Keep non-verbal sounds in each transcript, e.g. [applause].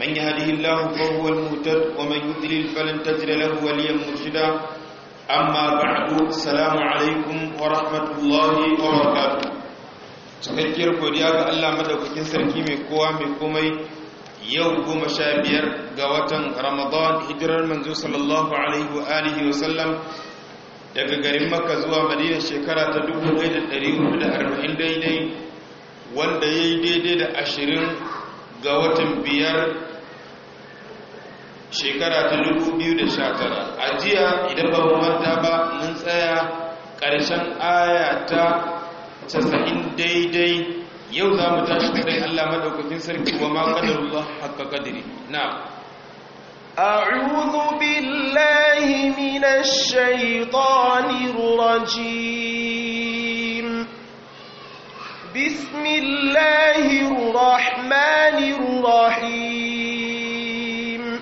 من يهده الله فهو المهتد ومن يضلل فلن تجد له وليا مرشدا أما بعد السلام عليكم ورحمة الله وبركاته cikakkiyar godiya ga Allah madaukakin sarki mai kowa mai komai yau goma sha biyar ga watan ramadan hijirar manzo sallallahu alaihi wa sallam daga garin maka zuwa madina shekara ta 1440 daidai wanda ya yi daidai da ashirin ga watan biyar shekara ta dubu biyu da 2019 a jiya idan ba mu manta ba mun tsaya ƙarshen aya ta casa'in daidai yau za mu tashi kudai Allah maɗaukacin sarki wa ma qadarullah haqqa qadri na'am a'udhu billahi minash shaitanir ruranci. بسم الله الرحمن الرحيم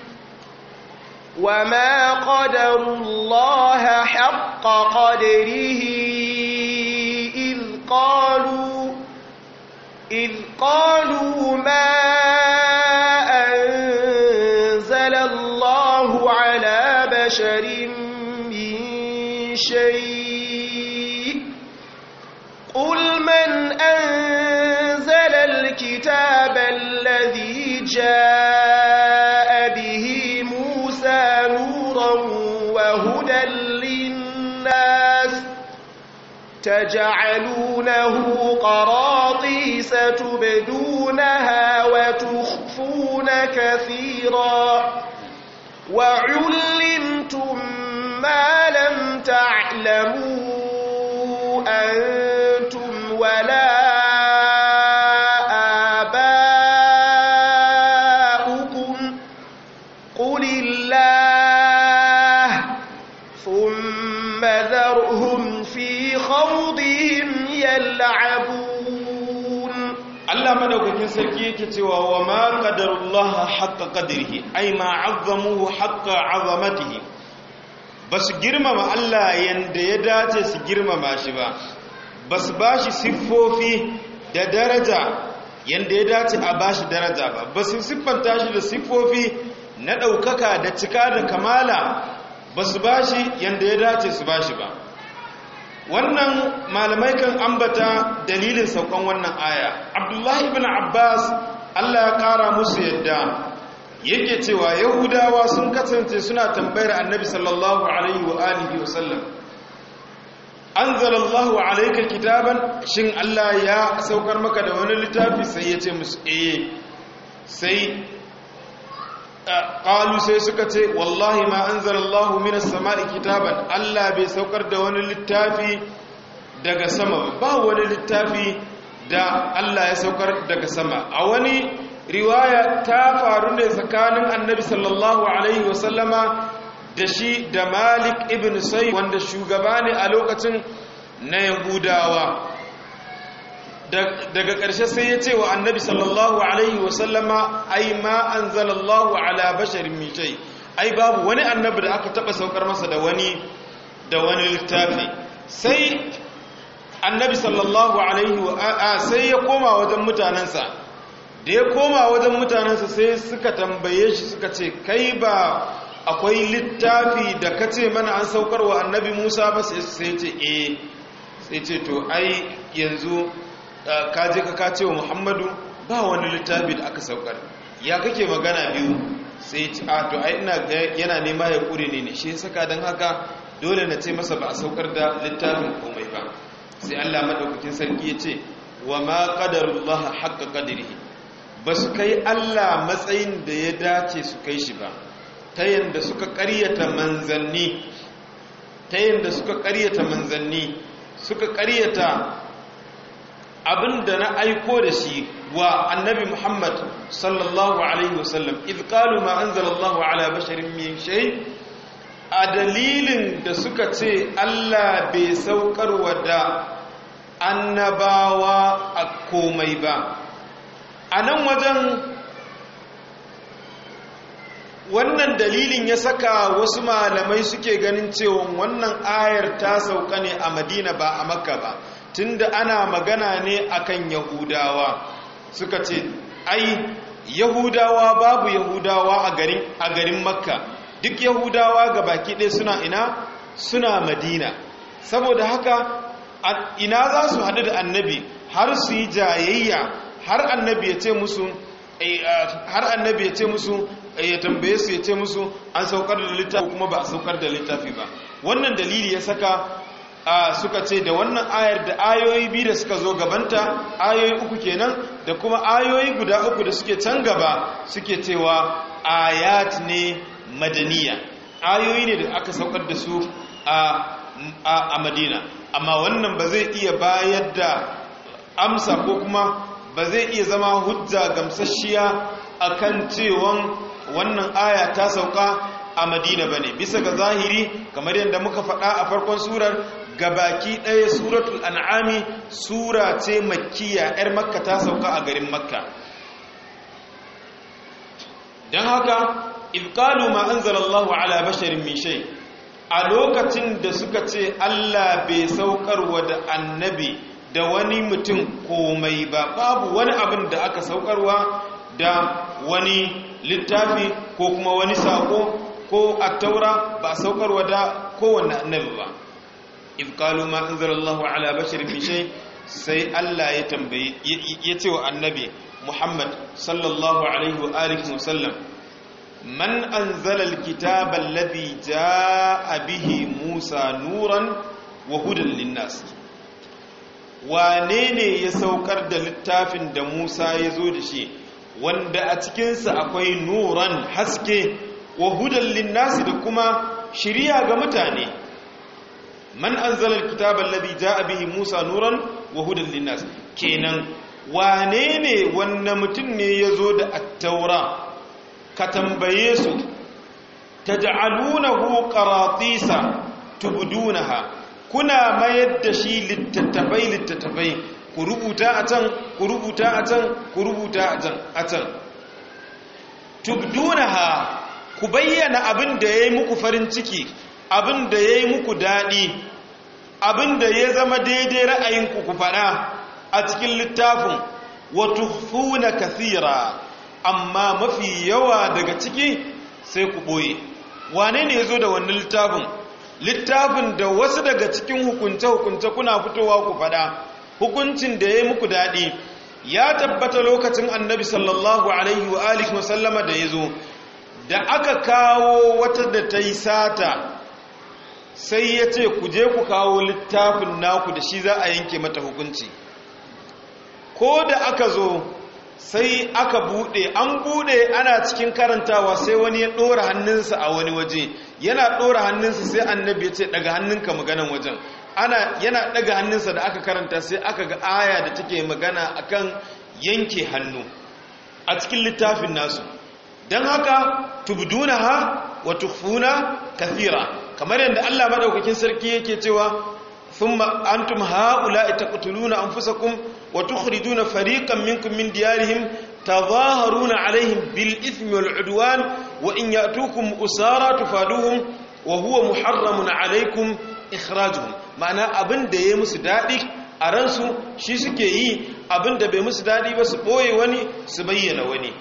وما قدر الله حق قدره إذ قالوا إذ قالوا ما الكتاب الذي جاء به موسى نورا وهدى للناس تجعلونه قراطيس تبدونها وتخفون كثيرا وعلم yake cewa wa ma qadarullah haqqa qadrihi ay ma azzamuhu haqqa azamatihi basu girmama Allah yanda ya dace su girmama shi ba bas bashi siffofi da daraja yanda ya dace a bashi daraja ba basu siffanta shi da siffofi na daukaka da cika da kamala basu bashi yanda ya dace su bashi ba wannan malamai kan ambata dalilin saukon wannan aya abdullahi ibn abbas allah ya kara musu yadda yake cewa yahudawa sun kasance suna tambayar annabi sallallahu alaihi wa alihi wa sallam anzalallahu alaika kitaban shin allah ya saukar maka da wani littafi sai ya ce musu eh sai qalu sai suka ce wallahi ma anzalallahu minas sama'i kitaban Allah bai saukar da wani littafi daga sama ba wani littafi da Allah ya saukar daga sama a wani riwaya ta faru ne tsakanin annabi sallallahu alaihi wasallama da shi da malik ibn sai wanda shugaba ne a lokacin na yahudawa daga ƙarshe sai ya ce wa annabi sallallahu alaihi wasallama ai ma an zalallahu ala basharin mitai ai babu wani annabi da aka taɓa saukar masa da wani da wani littafi sai annabi sallallahu alaihi wa sai ya koma wajen mutanensa da ya koma wajen mutanensa sai suka tambaye shi suka ce kai ba akwai littafi da ka ce mana an saukar wa annabi musa ba sai ce eh sai ce to ai yanzu Eh, ka je ka kace wa muhammadu ba wani littafi da aka saukar ya kake magana biyu sai a ah, to ai ina yana nema ya kure ne ne shi saka don haka dole na ce masa ba a saukar da littafin komai ba sai allah maɗaukakin sarki ya ce wa ma qadarullaha haqqa ba basu kai Allah matsayin da ya dace su kai shi ba ta yanda suka ƙaryata manzanni ta yanda suka ƙaryata manzanni suka ƙaryata abin da na aiko da shi wa annabi muhammad sallallahu alaihi wasallam idkalu ma an zalallahu ala basharin min shai a dalilin da suka ce allah bai wa da annabawa a komai ba a nan wajen wannan dalilin ya saka wasu malamai suke ganin cewa wannan ayar ta sauka ne a madina ba a makka ba tunda ana magana ne akan yahudawa suka ce ai yahudawa babu yahudawa a garin a garin makka duk yahudawa ga baki ɗaya suna ina suna madina saboda haka ina za su haɗu da annabi har su yi jayayya har annabi ya ce musu eh, eh, har annabi ya ce musu eh, ya tambaye su ya ce musu an saukar da littafi kuma ba a saukar da littafi ba wannan dalili ya saka a suka ce da wannan ayar da ayoyi biyu da suka zo gabanta ayoyi uku kenan da kuma ayoyi guda uku da suke can gaba suke cewa ayat ne madaniya ayoyi ne da aka saukar da su a madina amma wannan ba zai iya bayar da amsa ko kuma ba zai iya zama hujja gamsasshiya kan cewan wannan aya ta sauka a madina ba ne bisa ga zahiri kamar yadda muka faɗa a farkon surar gabaki ɗaya suratul an'ami sura ce makkiya 'yar makka ta sauka a garin makka don haka ifkalu ma an ala basharin mishai a lokacin da suka ce allah bai saukarwa da annabi da wani mutum komai ba babu wani abin da aka saukarwa da wani littafi ko kuma wani sako ko a taura ba saukarwa da kowane annabi ba if kalu ma anzalallahu ala bashir min shay sai Allah ya tambaye ya ce wa annabi Muhammad sallallahu alaihi wa alihi wa sallam man anzala alkitaba alladhi jaa bihi Musa nuran wa hudan linnas wane ne ya saukar da littafin da Musa ya zo da shi wanda a cikinsa akwai nuran haske wa hudan linnas da kuma shirya ga mutane man anzala alkitaba alladhi jaa bihi musa nuran wa hudan linnas kenan wane ne wanne mutum ne yazo da at-taura ka tambaye su taj'alunahu qaratisa tubdunaha kuna mayar da shi littattafai littattafai ku rubuta a can ku rubuta a can ku rubuta a can a can tubdunaha ku bayyana abin da ya yi muku farin ciki abin da ya yi muku daɗi abin da ya zama daidai ra'ayinku ku faɗa a cikin littafin wato funa kasira amma mafi yawa daga ciki sai ku ɓoye wane ne ya zo da wannan littafin littafin da wasu daga cikin hukunce-hukunce kuna fitowa ku faɗa hukuncin da ya yi muku daɗi ya tabbata lokacin annabi sallallahu alaihi wa alihi wasallama da ya zo da aka kawo wata da ta yi sata sai ya ce ku je ku kawo littafin naku da shi za a yanke mata hukunci ko da aka zo sai aka bude an bude ana cikin karantawa sai wani ya dora hannunsa a wani waje yana dora hannunsa sai annabi ya ce daga hannunka maganan wajen ana yana daga hannunsa da aka karanta sai aka ga aya da take magana akan yanke hannu a cikin littafin nasu don haka ha wa tukhfuna kathira kamar yadda Allah madaukakin sarki yake cewa thumma antum haula'i taqtuluna anfusakum wa tukhrijuna fariqan minkum min diyarihim tadhaharuna alaihim bil ithmi wal udwan wa in ya'tukum usara tufaduhum wa huwa muharramun alaikum ikhrajuhum ma'ana abin da yayi musu dadi a ransu shi suke yi abin da bai musu dadi ba su boye wani su bayyana wani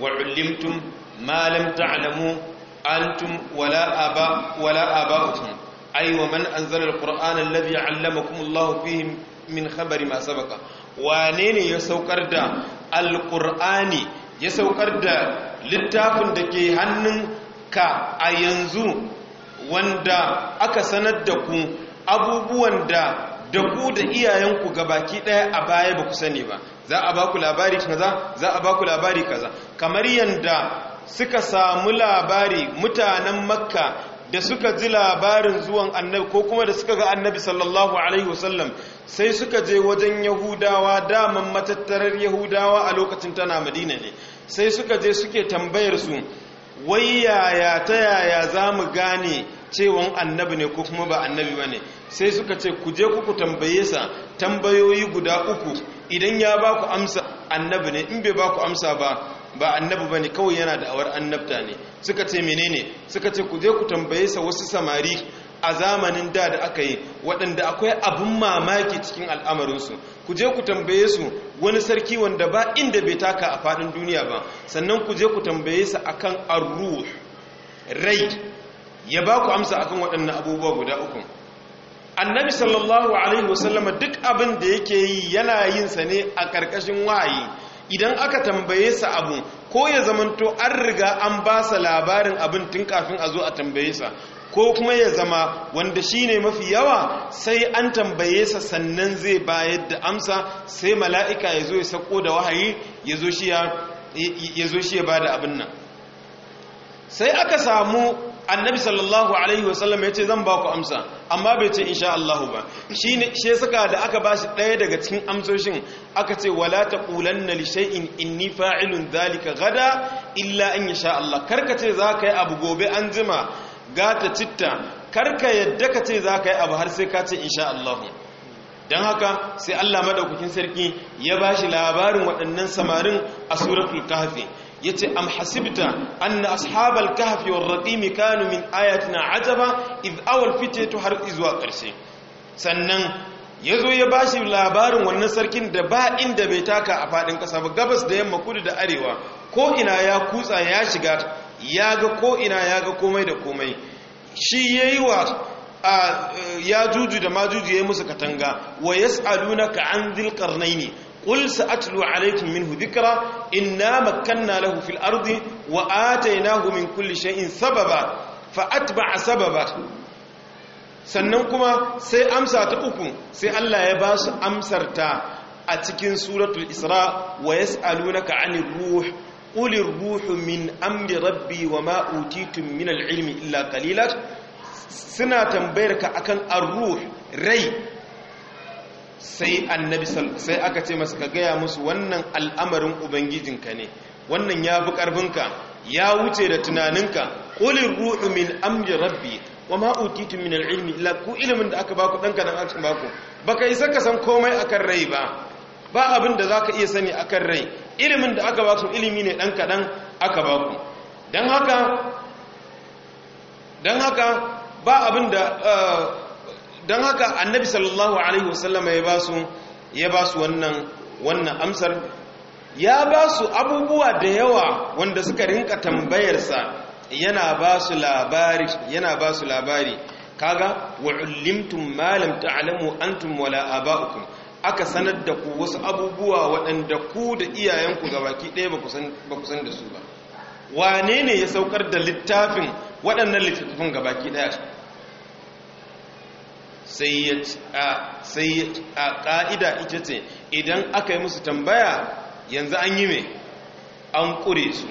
wa ulimtum ma lam ta'lamu antum wala aba wala aba'ukum ay wa man anzala alqur'ana alladhi 'allamakum Allahu fihi min khabari ma sabaqa wane ne ya saukar da alqur'ani ya saukar da littafin da ke hannun ka a yanzu wanda aka sanar da ku abubuwan da da ku da iyayenku ga baki daya a baya ba ku sani ba za a ba ku labari kaza za a ba ku labari kaza kamar yanda suka samu labari mutanen makka da suka ji labarin zuwan annabi ko kuma da suka ga annabi sallallahu alaihi wasallam sai suka je wajen yahudawa daman matattarar yahudawa a lokacin tana madina ne sai suka je suke tambayar su wai yaya ta yaya za mu gane cewan annabi ne ko kuma ba annabi ba ne sai suka ce ku je kuku tambaye sa tambayoyi guda uku idan ya ba ku amsa annabi ne in bai ba ku amsa ba ba annabi bane kawai yana da awar annabta ne suka ce menene suka ce ku je ku tambaye sa wasu samari a zamanin da da aka yi waɗanda akwai abin mamaki cikin al'amarinsu ku je ku tambaye su wani sarki wanda ba inda bai taka a faɗin duniya ba sannan ku je ku tambaye sa akan arruh rai ya ba ku amsa akan waɗannan abubuwa guda uku annabi sallallahu alaihi wasallama duk abin da yake yi yana yin sa ne a ƙarƙashin wahayi idan aka tambaye sa abu ko ya zamanto an riga an ba sa labarin abin tun kafin a zo a tambaye sa ko kuma ya zama wanda shi ne mafi yawa sai an tambaye sa sannan zai bayar da amsa sai mala'ika ya zo ya sako da wahayi ya zo shi ya ba da abin nan sai aka samu annabi sallallahu alaihi wasallam ya ce zan ba ku amsa amma bai ce insha Allah ba shi ne shi saka da aka ba shi ɗaya daga cikin amsoshin aka ce wala taqulanna li shay'in inni fa'ilun dhalika gada illa in sha Allah karka ce za ka yi abu gobe an jima ta citta karka yadda ka ce za ka yi abu har sai ka ce insha Allah dan haka sai Allah madaukakin sarki ya ba shi labarin waɗannan samarin a suratul kahfi yace am hasibta anna ashabal kahfi war raqim kanu min ayatina ajaba id awal fitatu har izuwa ƙarshe. sannan yazo ya bashi labarin wannan sarkin da ba inda bai taka a fadin ƙasa ba gabas da yamma kudu da arewa ko ina ya kutsa ya shiga ya ga ko ina ya ga komai da komai shi yayi wa ya juju da majuju ya yi musu katanga wa ya ka an zilkarnai ne قل سأتلو عليكم منه ذكرى إنا مكنا له في الأرض وآتيناه من كل شيء سببا فأتبع سببا sannan kuma sai amsa ta uku sai Allah ya ba su amsarta a cikin suratul isra wa yas'alunaka 'anil ruh qulir ruhu min amri rabbi wa ma utitum min al-'ilmi illa qalilan suna tambayar ka akan ar-ruh rai sai annabi sai aka ce masa ka gaya musu wannan al'amarin ubangijinka ne wannan ya fi ƙarfinka ya wuce da tunaninka ƙulin ruhu min amri rabbi wa ma utitu min al'ilmi illa ku ilimin da aka baku ɗanka nan aka baku baka yi ka san komai akan rai ba ba abin da zaka iya sani akan rai ilimin da aka baku ilimi ne ɗan kaɗan aka baku dan haka don haka ba abin da eh, don haka annabi sallallahu alaihi wasallama ya ba su ya ba su wannan wannan amsar ya ba su abubuwa da yawa wanda suka rinka tambayarsa yana ba su labari yana ba su labari kaga wa ullimtum ma lam ta'lamu antum wala aba'ukum aka sanar da ku wasu abubuwa waɗanda ku da iyayenku gabaki ɗaya ba ku san da su ba wane ne ya saukar da littafin waɗannan littattafan gabaki ɗaya sai a ƙa'ida ita ce idan aka yi musu tambaya yanzu an yi mai an ƙure su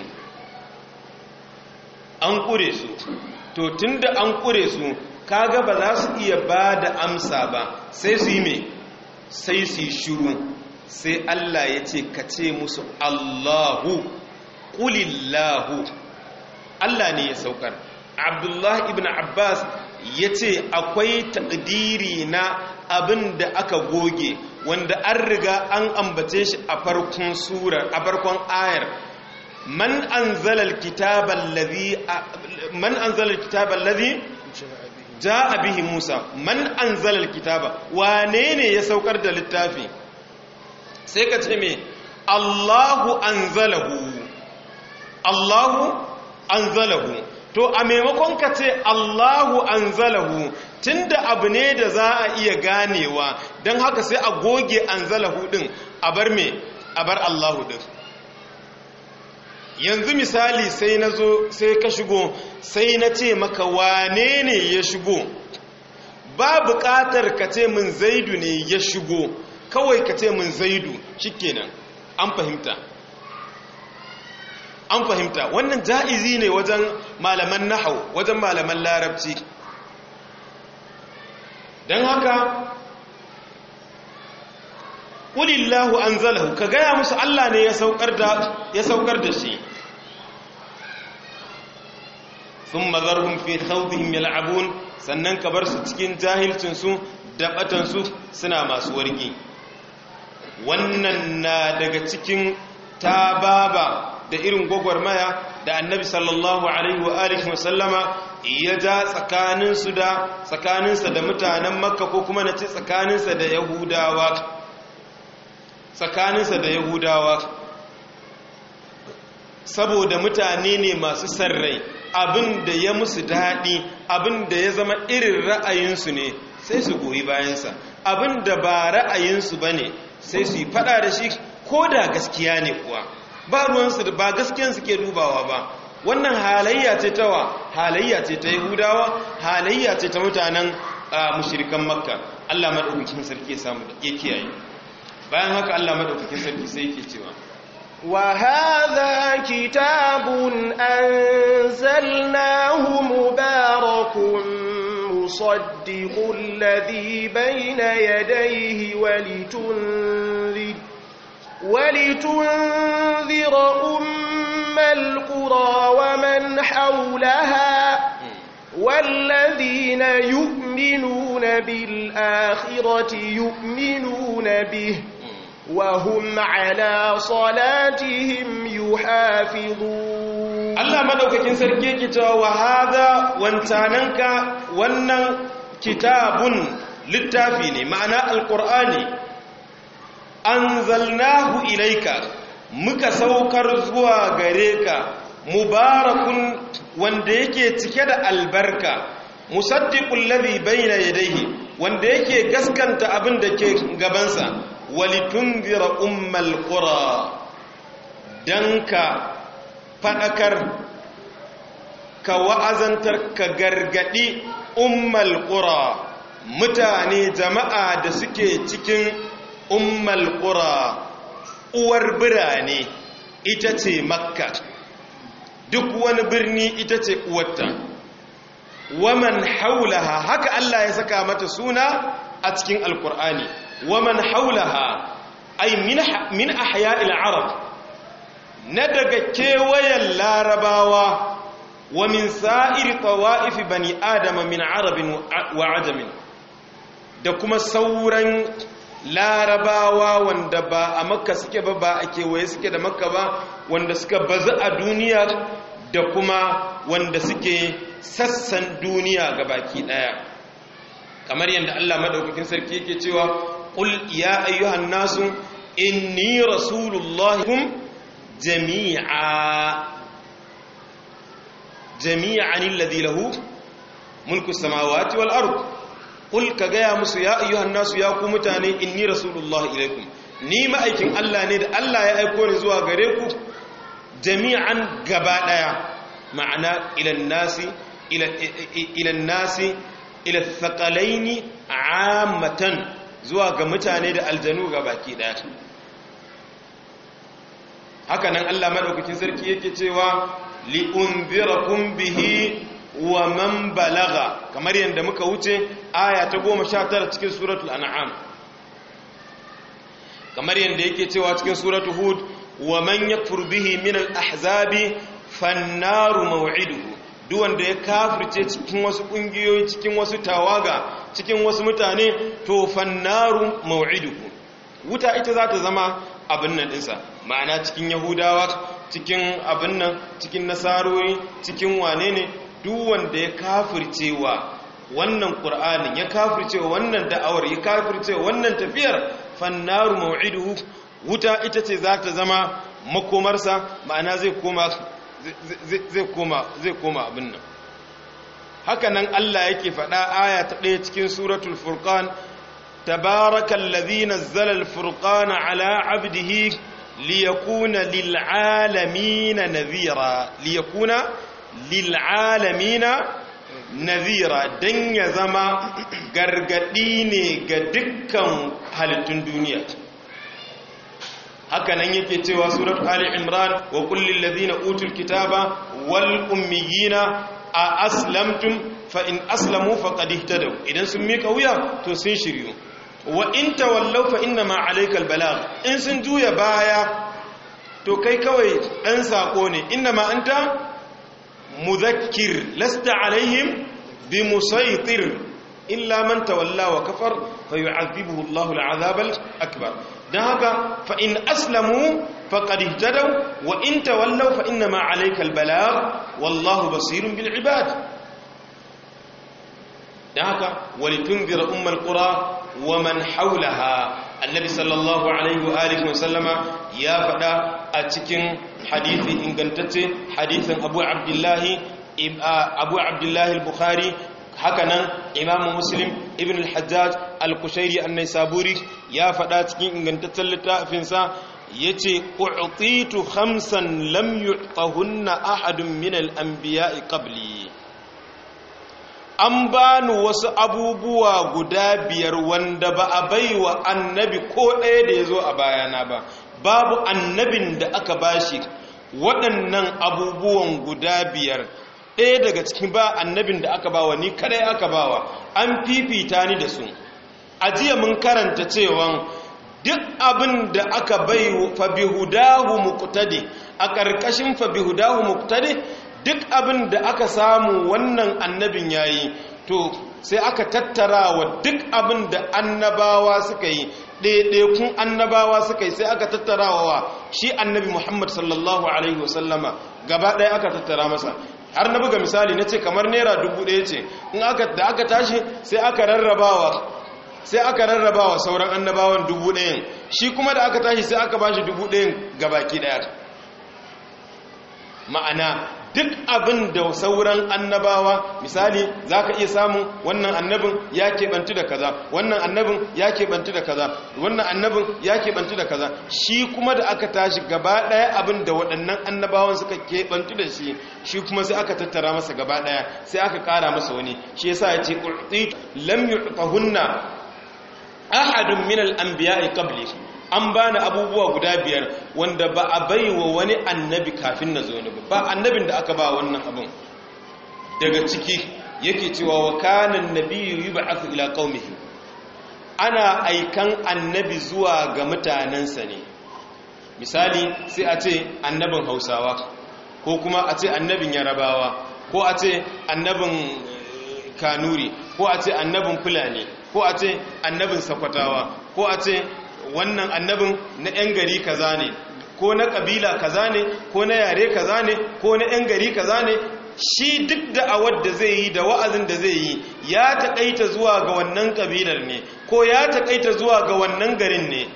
an ƙure su to tun da an ƙure su kaga ba za su iya ba da amsa ba sai su yi mai sai su yi shuru sai Allah ya ce ka ce musu Allahu ƙulillahu Allah ne ya saukar Abdullah ibn Abbas ya ce akwai takdiri na abin da aka goge wanda an riga an ambace shi a farkon surar a farkon ayar man an zalar kitabar kitaban bihi Musa man zalar kitaba wane ne ya saukar da littafi sai ka ce me Allahu an Allahu to a maimakon ka ce Allahu anzalahu tunda abu ne da za a iya ganewa don haka sai a goge anzalahu ɗin a bar me a bar Allahu din yanzu misali sai na zo sai ka shigo sai na ce maka wane ne ya shigo ba buƙatar ka ce min zaidu ne ya shigo kawai ka ce min zaidu shikenan an fahimta an fahimta wannan ja'izi ne wajen malaman nahau wajen malaman larabci don haka ƙulillahu an zalahu ka gaya musu Allah ne ya saukar da shi sun mazarhun fi hauzihim yal'abun sannan ka bar su cikin jahilcinsu da batansu suna masu wargi wannan na daga cikin tababa da irin gwagwarmaya da annabi sallallahu alaihi wa alihi wa sallama ya ja tsakaninsu da tsakaninsa da mutanen makka ko kuma na ce tsakaninsa da yahudawa tsakaninsa da yahudawa saboda mutane ne masu sarrai abin da ya musu daɗi abin da ya zama irin ra'ayinsu ne sai su goyi bayansa abin da ba ra'ayinsu ba ne sai su yi faɗa da shi ko da gaskiya ne kuwa ba ruwansu ba gaskiyan suke dubawa ba wannan halayya ce ta wa halayya ce ta yahudawa halayya ce ta mutanen mushirikan makka allah maɗaukakin sarki samu da kiyaye bayan haka allah maɗaukakin sarki sai ke cewa وهذا كتاب أنزلناه مبارك مصدق الذي بين يديه ولتنذر ولتنذر أم القرى ومن حولها والذين يؤمنون بالآخرة يؤمنون به وهم على صلاتهم يحافظون الله مدوكاكين سركي كتاب وهذا وانتاننك وانا كتاب للتافين معنى القرآن anzalnahu ilaika muka saukar zuwa gare ka mubarakun wanda yake cike da albarka musaddiqul ladhi bayna yadayhi wanda yake gaskanta abin da ke gabansa walitunzira ummal qura danka ka fadakar ka wa'azantar ka gargadi ummal qura mutane jama'a da suke cikin ummal ƙura uwar birane ita ce makka duk wani birni ita ce uwarta waman haulaha haka Allah ya saka mata suna a cikin alkur'ani waman haulaha ai min ahya'il arab na daga kewayen larabawa wa min sa'iri tawa'ifi bani adama min arabin wa da kuma sauran larabawa wanda ba a makka suke ba ba a kewaye suke da makka ba wanda suka bazu a duniya da kuma wanda suke sassan duniya ga baki daya kamar yadda Allah madaukakin sarki yake cewa qul ya ayyuhan nasu inni kum jami'a jami'an alladhi lahu mulku samawati wal ardh kul ka gaya musu ya ayyuhan nasu ya ku mutane inni rasulullahi ilaikum ni ma'aikin Allah ne da Allah ya aiko ni zuwa gare ku jami'an gaba daya ma'ana ilan nasi ilan nasi ila thaqalaini ammatan zuwa ga mutane da aljanu ga baki daya haka nan Allah madaukakin sarki yake cewa li kun bihi wa man balaga kamar yadda muka wuce aya ta goma sha tara cikin suratul an'am kamar yadda yake cewa cikin suratul hud wa man yakfur bihi min al-ahzabi fannaru maw'iduhu duk wanda ya kafirce cikin wasu kungiyoyi cikin wasu tawaga cikin wasu mutane to fannaru maw'iduhu wuta ita za ta zama abin nan dinsa ma'ana cikin yahudawa cikin abin nan cikin nasarori cikin wane ne duk wanda ya kafircewa wannan qur'anin ya kafircewa wannan da'awar ya kafircewa wannan tafiyar fannaru maw'iduhu wuta ita ce za ta zama makomarsa ma'ana zai koma zai koma abin nan haka nan Allah yake faɗa aya ta ɗaya cikin suratul furqan tabarakan nazzala al-furqana ala 'abdihi liyakuna lil'alamin nadhira liyakuna lil'alamina nazira don ya zama gargadi ne ga dukkan halittun duniya haka nan yake cewa surat ali imran wa kullil ladina utul kitaba wal ummiyina a aslamtum fa in aslamu faqad ihtadaw idan sun mika wuya to sun shiryu wa in tawallaw fa inna ma alayka al in sun juya baya to kai kawai dan sako ne inna ma anta muzakkir lasta alaihim bi musaitir illa man tawalla wa kafar fa yu'adhibuhu Allah al'adhab al-akbar dan haka fa in aslamu faqad ihtadaw wa in tawallaw fa inna ma 'alayka al-balagh wallahu basirun bil 'ibad dan haka walitunzira ummul wa man hawlaha annabi sallallahu alaihi wa alihi ya fada a cikin hadithi ingantacce hadithin abu abdullahi abu abdullahi al-bukhari hakanan imamu muslim ibn al-hajjaj al-kushairi annai saburi ya faɗa cikin ingantaccen littafinsa ya ce ƙu'utitu hamsan lam yu'tahunna ahadun min an anbiyai qabli an bani wasu abubuwa guda biyar wanda ba a baiwa annabi ko ɗaya da ya zo a bayana ba babu annabin da aka bashi waɗannan abubuwan guda biyar ɗaya daga cikin ba annabin da aka bawa ni kadai aka bawa an fifita ni da su a jiya mun karanta cewa duk abin da aka bai fabihudahu muqtadi a ƙarƙashin fabihudahu muqtadi duk abin da aka samu wannan annabin yayi to sai aka tattara wa duk abin da annabawa suka yi ɗaiɗaikun annabawa suka yi sai aka tattara wa shi annabi muhammad sallallahu alaihi wasallama gaba ɗaya aka tattara masa har na buga misali na ce kamar naira dubu ɗaya ce da aka tashi sai aka rarrabawa sai aka rarrabawa sauran annabawan dubu ɗayan shi kuma da aka tashi sai aka ba shi dubu ɗayan gabaki ɗaya ma'ana duk abin da sauran annabawa misali za ka iya samun wannan annabin ya keɓantu da kaza wannan annabin ya keɓantu da kaza wannan annabin ya keɓantu da kaza shi kuma da aka tashi gaba ɗaya abin da waɗannan annabawan suka keɓantu da shi shi kuma sai aka tattara masa gaba ɗaya sai aka kara masa wani shi yasa ya ce lam yu'tahunna ahadun an biya anbiyai qablihi an bani abubuwa guda biyar wanda ba a bai wa wani annabi kafin na zo ni ba annabin da aka ba wannan abin daga ciki yake cewa wa yi ba yub'athu ila qaumihi ana aikan annabi zuwa ga mutanensa ne misali sai a ce annabin hausawa ko kuma a ce annabin yarabawa ko a ce annabin eh, kanuri ko a ce annabin fulani ko a ce annabin sakwatawa ko a ce wannan annabin na 'yan gari kaza ne ko na kabila kaza ne ko na yare kaza ne ko na 'yan gari kaza ne shi duk da da zai yi da wa'azin da zai yi ya taƙaita zuwa ga wannan kabilar ne ko ya taƙaita zuwa ga wannan garin ne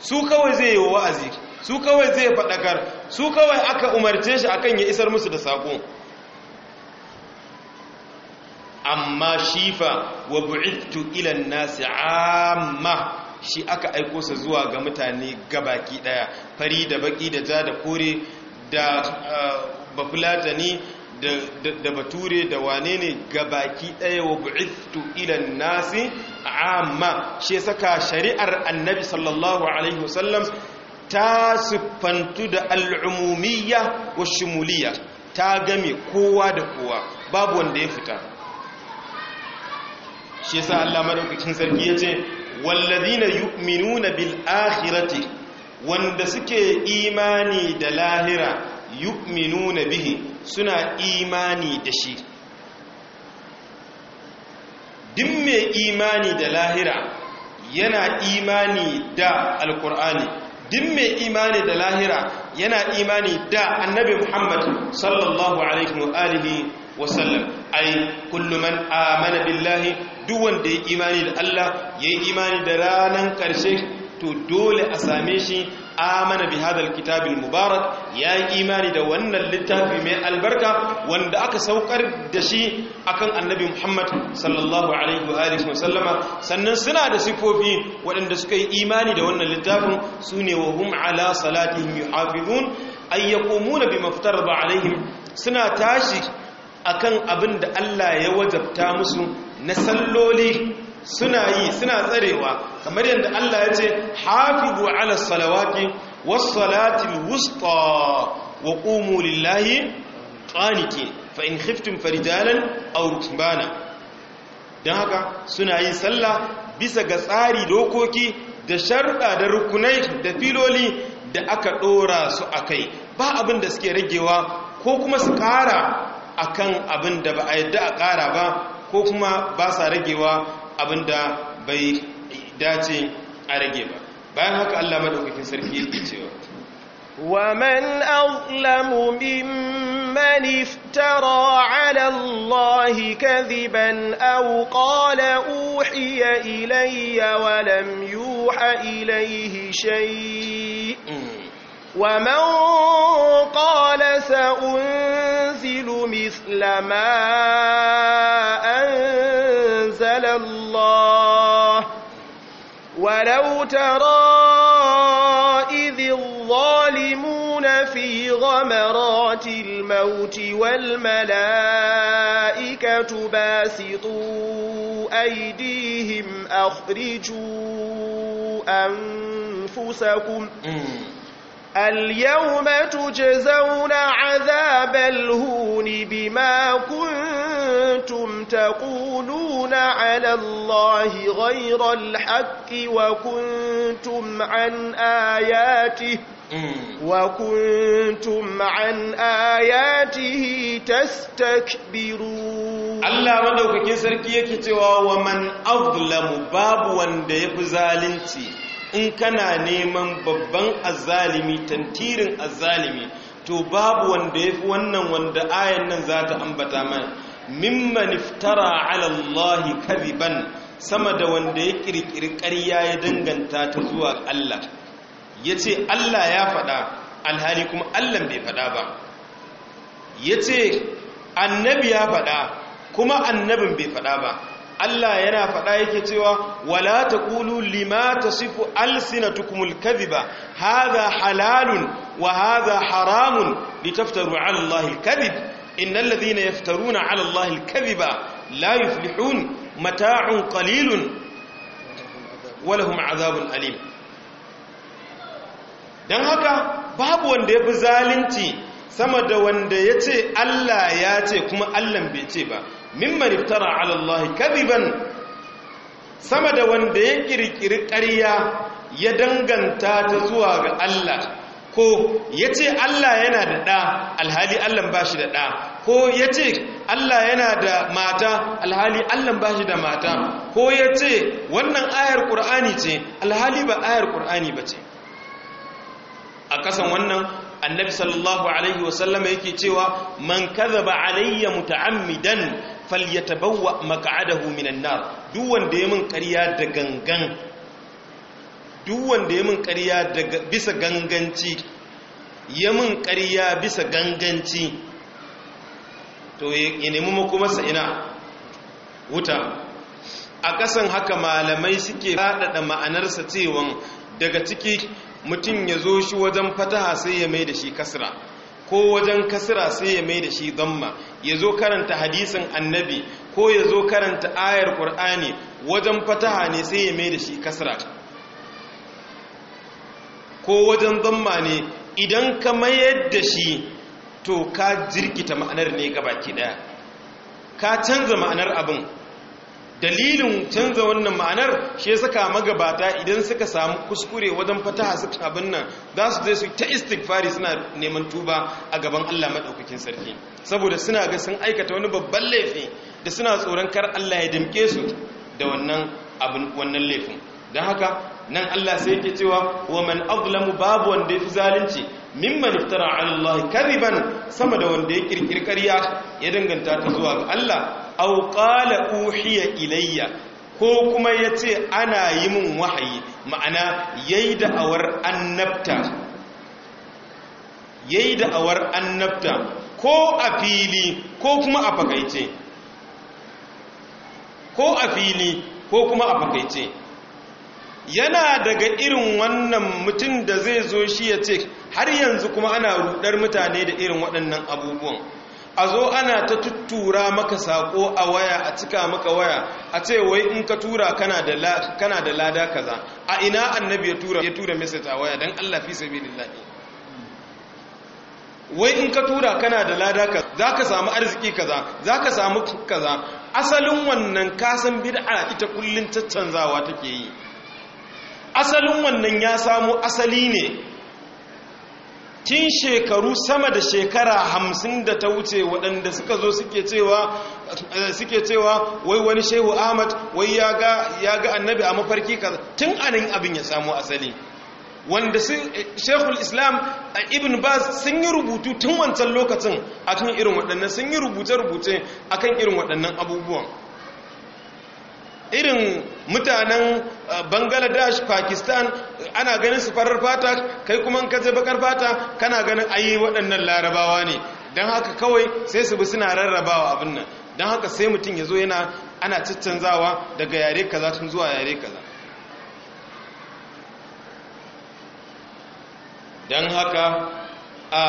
su kawai zai yi wa wa'azi su kawai zai faɗakar su kawai aka umarce shi akan ya isar musu da saƙo amma shifa wa bu'ittu ila nasi amma shi aka aiko sa zuwa ga mutane gabaki daya fari da baki da ja da kore da uh, bafulatani da bature da wane ne gabaki daya wa bu'ithu ila nasi amma shi saka shari'ar annabi sallallahu alaihi wasallam ta siffantu da al'umumiyya wa shumuliyya ta game kowa da kowa babu wanda ya fita shi yasa Allah madaukakin sarki yace walladina yu'minuna bil akhirati wanda suke imani da lahira yu'minuna bihi suna imani da shi din imani da lahira yana imani da alkur'ani din mai imani da lahira yana imani da annabi muhammad sallallahu alaihi wa alihi wasallam ai kullu man amana billahi duk wanda ya imani da Allah ya yi imani da ranar ƙarshe to dole a same shi amana bi hadal kitabil mubarak ya yi imani da wannan littafi mai albarka wanda aka saukar da shi akan annabi Muhammad sallallahu alaihi wa alihi wa sallama sannan suna da sifofi waɗanda suka yi imani da wannan littafin sune wa hum ala salatihim yuhafizun ay yaqumuna bima iftarada alaihim suna tashi akan abin da Allah ya wajabta musu na salloli suna yi suna tsarewa kamar yadda Allah ya ce hafizu ala salawati was salatil wusta wa qumu lillahi qanitin fa in khiftum farijalan aw rukbana dan haka suna yi sallah bisa ga tsari dokoki da sharda da rukunai da filoli da aka dora su akai ba abin da suke ragewa ko kuma su kara akan abin da ba a yadda a kara ba ko kuma ba sa ragewa abinda bai dace a rage ba bayan haka Allah madaukakin sarki yake cewa wa man azlamu mimman iftara ala allahi kadhiban aw qala uhiya ilayya wa lam yuha ilayhi shay'a ومن قال سأنزل مثل ما أنزل الله ولو ترى إذ الظالمون في غمرات الموت والملائكة باسطوا أيديهم أخرجوا أنفسكم اليوم تجزون عذاب الهون بما كنتم تقولون على الله غير الحق وكنتم عن آياته وكنتم عن آياته تستكبرون الله مدوكين سركي yake cewa wa man azlamu babu wanda yafi zalunci in kana neman babban azzalimi tantirin azzalimi to babu wanda ya fi wannan wanda ayan nan za ta ambata mana mimman niftara ala Allah kariban sama da wanda ya kirkiri ƙarya ya danganta ta zuwa Allah ya ce Allah ya faɗa alhali kuma Allah bai faɗa ba ya ce annabi ya faɗa kuma annabin bai faɗa ba Allah yana faɗa yake cewa wala taqulu lima tasifu alsinatukumul kadhiba hadha halalun wa hadha haramun litaftaru ala Allahi alkadhib innal ladhina yaftaruna ala Allahi alkadhiba la yuflihun mata'un qalilun wa lahum adhabun alim dan haka babu wanda yafi zalunci sama da wanda yace Allah ya ce kuma Allah bai ce ba mimman iftara alallahi Allah kadiban sama da wanda ya kirkiri ƙarya ya danganta ta zuwa ga Allah ko ya ce Allah yana da ɗa alhali Allah ba shi da ɗa ko ya ce Allah yana da mata alhali Allah ba shi da mata ko ya ce wannan ayar ƙur'ani ce alhali ba ayar ƙur'ani ba ce a kasan wannan annabi sallallahu alaihi wasallama yake cewa man ba alayya muta'ammidan falyatabawwa maq'adahu minan nar duk wanda ya mun ƙarya da gangan duk wanda ya mun ƙarya da bisa ganganci ya mun ƙarya bisa ganganci to ya nemi sa ina wuta a kasan haka malamai suke faɗaɗa sa cewa daga ciki mutum ya zo shi wajen fataha sai ya mai da shi kasra ko wajen kasra sai ya mai da shi zamma ya zo karanta hadisin annabi ko ya zo karanta ayar ƙur'ani wajen fataha ne sai ya mai da shi kasra ko wajen zamma ne idan ka mayar da shi to ka jirkita ma'anar ne ke daya ka canza ma'anar abin dalilin canza wannan ma'anar shi ya saka magabata idan suka samu kuskure wajen fataha suka abin nan za su zai su ta istighfari suna neman tuba a gaban allah maɗaukakin sarki saboda suna ga sun aikata wani babban laifi da suna tsoron kar Allah ya dimke su da wannan abin wannan laifin don haka nan Allah sai yake cewa wa man azlamu babu wanda yafi zalunci mimman iftara ala Allah kariban sama da wanda ya ƙirƙiri ƙarya ya danganta ta zuwa ga Allah aw qala uhiya ilayya ko kuma yace ana yi min wahayi ma'ana yayi da'awar annabta yayi da'awar annabta ko a fili ko kuma a fakaice ko a fili ko kuma a fakaice yana daga irin wannan mutum da zai zo shi ya ce har yanzu kuma ana rudar mutane da irin waɗannan abubuwan a zo ana ta tuttura maka sako a waya a cika maka waya a ce wai in ka tura kana da lada kaza a ina annabi ya tura ya a waya don Allah fi lillahi wai in ka tura kana da lada ka za ka samu arziki kaza za ka samu kaza asalin wannan kasan bid'a ita kullum caccanzawa take yi asalin wannan ya samu asali ne tun shekaru sama da shekara hamsin da ta wuce waɗanda suka zo suke cewa wai wani shehu ahmad wai ya ga annabi a mafarki kaza tun anin abin ya samu asali wanda shekul islam a ibn baz sun yi rubutu tun wancan lokacin akan irin waɗannan sun yi rubuce-rubuce akan irin waɗannan abubuwan irin mutanen eh, bangladesh pakistan ana ganin su farar fata kai kuma ka je bakar fata kana ganin ayi waɗannan larabawa ne don haka kawai sai su bi suna rarrabawa abin nan don haka sai mutum ya zo yana ana caccanzawa daga yare kaza tun zuwa yare kaza don haka a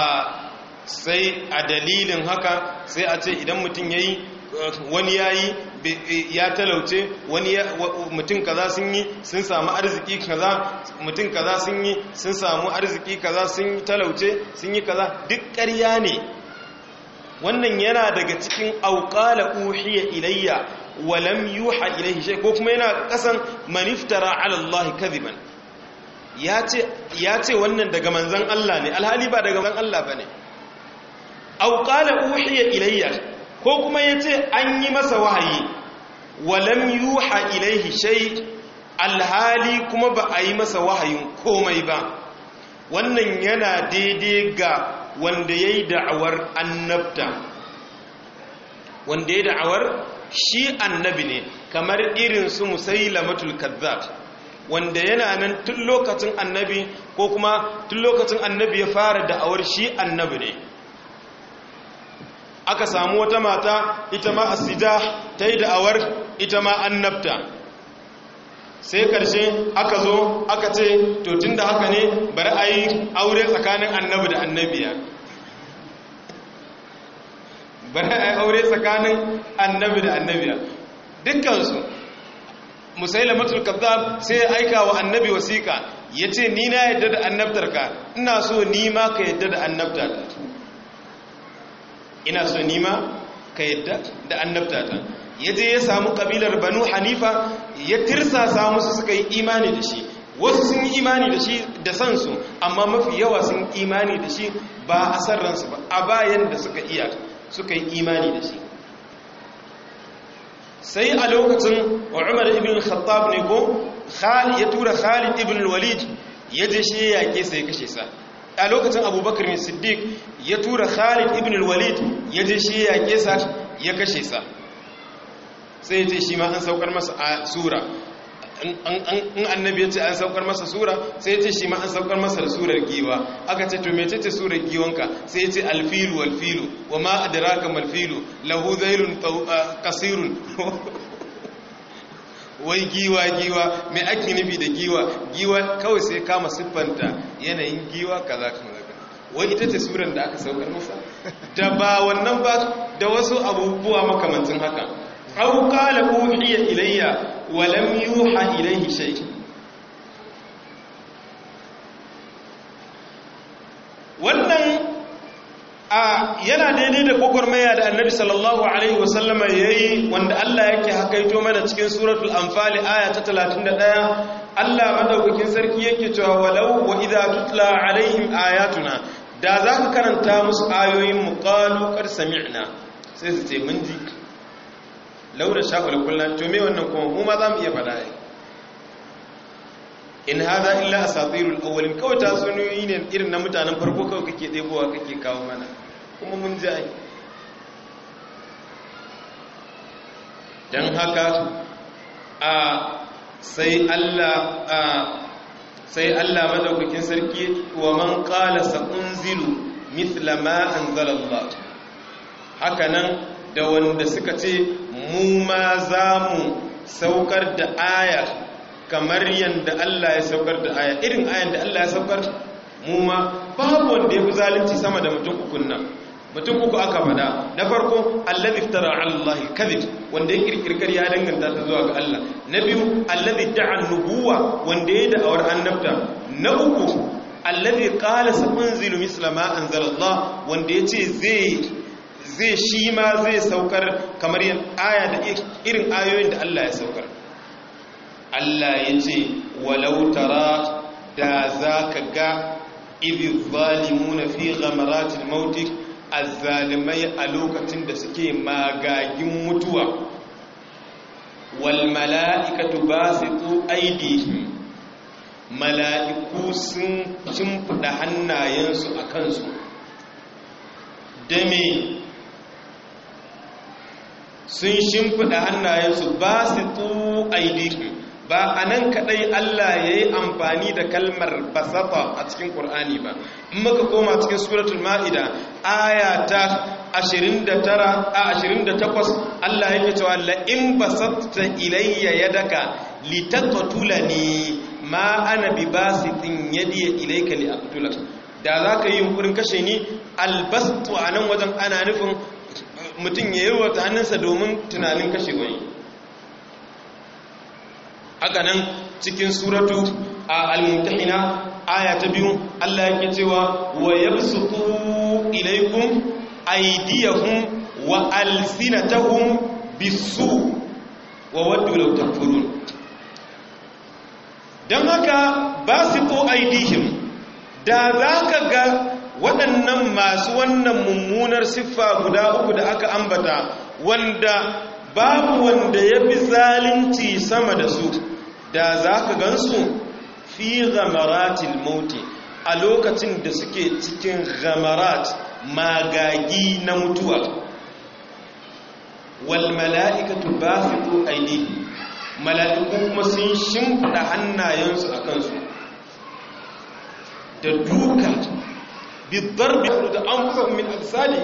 sai a dalilin haka sai a ce idan mutum ya yi wani ya yi ya talauce wani mutum kaza sun yi sun samu arziki kaza mutum kaza sun yi sun samu arziki kaza sun yi talauce sun yi kaza duk ƙarya ne wannan yana daga cikin auƙala uhiya ilayya walam yuha ilayhi shay ko kuma yana kasan maniftara ala Allah kadiban ya ce wannan daga manzan Allah ne alhali ba daga manzan Allah ba ne auƙala uhiya ilayya ko kuma ya ce an yi masa wahayi walam yuha ilaihi shai alhali kuma ba a yi masa wahayin komai ba wannan yana daidai ga wanda ya yi da'awar annabta wanda ya yi da'awar shi annabi ne kamar irin su musailamatul kadhab wanda yana nan tun lokacin annabi ko kuma tun lokacin annabi ya fara da'awar shi annabi ne aka samu wata mata ita ma asida ta yi da'awar ita ma annabta sai karshe aka zo aka ce to tun da haka ne bari a yi aure tsakanin annabi da annabiya bari a yi aure tsakanin annabi da annabiya dukkansu matul kazzab sai ya aika wa annabi wasiƙa ce ni na yadda da ka ina so ni ma ka yadda da ta ina so ni ma ka yadda da annabta ta ya je ya samu kabilar banu hanifa ya tirsa samu su suka yi imani da shi wasu sun yi imani da shi da sansu amma mafi yawa sun imani da shi ba a san ransu ba a bayan da suka iya suka yi imani da shi sai a lokacin umar ibn khattab ne ko ya tura khalid ibn walid ya je shi ya yake sai kashe sa a lokacin abubakar ne siddiq ya tura khalid ibn walid ya je shi ya yake sa ya kashe sa sai ya ce shi ma an saukar masa a sura in annabi ya ce an saukar masa sura sai ya ce shi ma an saukar masa da surar giwa aka ce to me ce surar giwanka sai ya ce alfilu walfilu wa ma adraka malfilu lahu zailun kasirun [laughs] wai giwa giwa me ake nufi da giwa giwa kawai sai kama siffanta yanayin giwa kaza kaza wai ita ce surar da aka saukar masa [laughs] da ba wannan ba da wasu abubuwa makamancin haka aw qala uhiya ilayya wa lam yuha ilayhi shay wannan a yana daidai da maya da annabi sallallahu alaihi wasallama ya yi wanda Allah yake hakaito mana cikin suratul anfali aya ta talatin da 31 Allah madaukakin sarki yake cewa walau wa idan tutla alaihim ayatuna da za ka karanta musu ayoyin mu qalu qad sami'na sai su ce mun ji laura sha'ul kullum to me wannan kuma mu ma za mu iya faɗa ai in hada illa asatirul awwalin kawai ta sunuyi ne irin na mutanen farko kawai kake ɗebowa kake kawo mana kuma mun ji ai dan haka a sai Allah a sai Allah madaukakin sarki wa man qala sa unzilu mithla ma anzalallah haka nan da wanda suka ce mu ma za mu saukar da aya kamar yadda Allah ya saukar da aya irin ayan da Allah ya saukar mu ma babu wanda ya fi zalunci sama da mutum uku nan mutum uku aka faɗa na farko allazi iftara ala Allah kadhib wanda ya kirkirkar ya danganta ta zuwa ga Allah na biyu allazi da'a nubuwa wanda ya da'awar annabta na uku allazi qala sa misla ma anzala Allah wanda ya ce zai zai shi ma zai saukar kamar aya da irin ayoyin da Allah ya saukar Allah ya ce walau tara da za ka ga ibi na fi ghamaratil mautik zalimai a lokacin da suke magagin mutuwa ba su basitu aidi mala'iku sun cimfuda hannayensu a kansu dame sun shimfiɗa hannayensu ba su tu aidikum ba a nan kaɗai Allah ya yi amfani da kalmar basata a cikin ƙur'ani ba in maka koma cikin suratul ma'ida aya ta 29 a 28 Allah yake cewa la'in basatta ilayya yadaka ne ma ana bi basitin yadi ilayka liaqtulak da za ka yi yunkurin kashe ni albastu nan wajen ana nufin mutum ya yi ta hannunsa domin tunanin kashe wani haka nan cikin suratu a al-mumtahina aya ta biyu Allah yake cewa wa yabsutu ilaykum aydiyahum wa alsinatahum bisu wa waddu law takfurun dan haka basitu aydihim da za ka ga waɗannan masu wannan mummunar siffa guda uku da aka ambata wanda babu wanda ya fi zalunci sama da su da za ka gansu fi gamaratil mauti a lokacin da suke cikin ramarat magagi na mutuwa wal mala'ikatu ko aini mala'iku kuma sun shimfida hannayensu a kansu da duka bidarbi da anfusahum min absali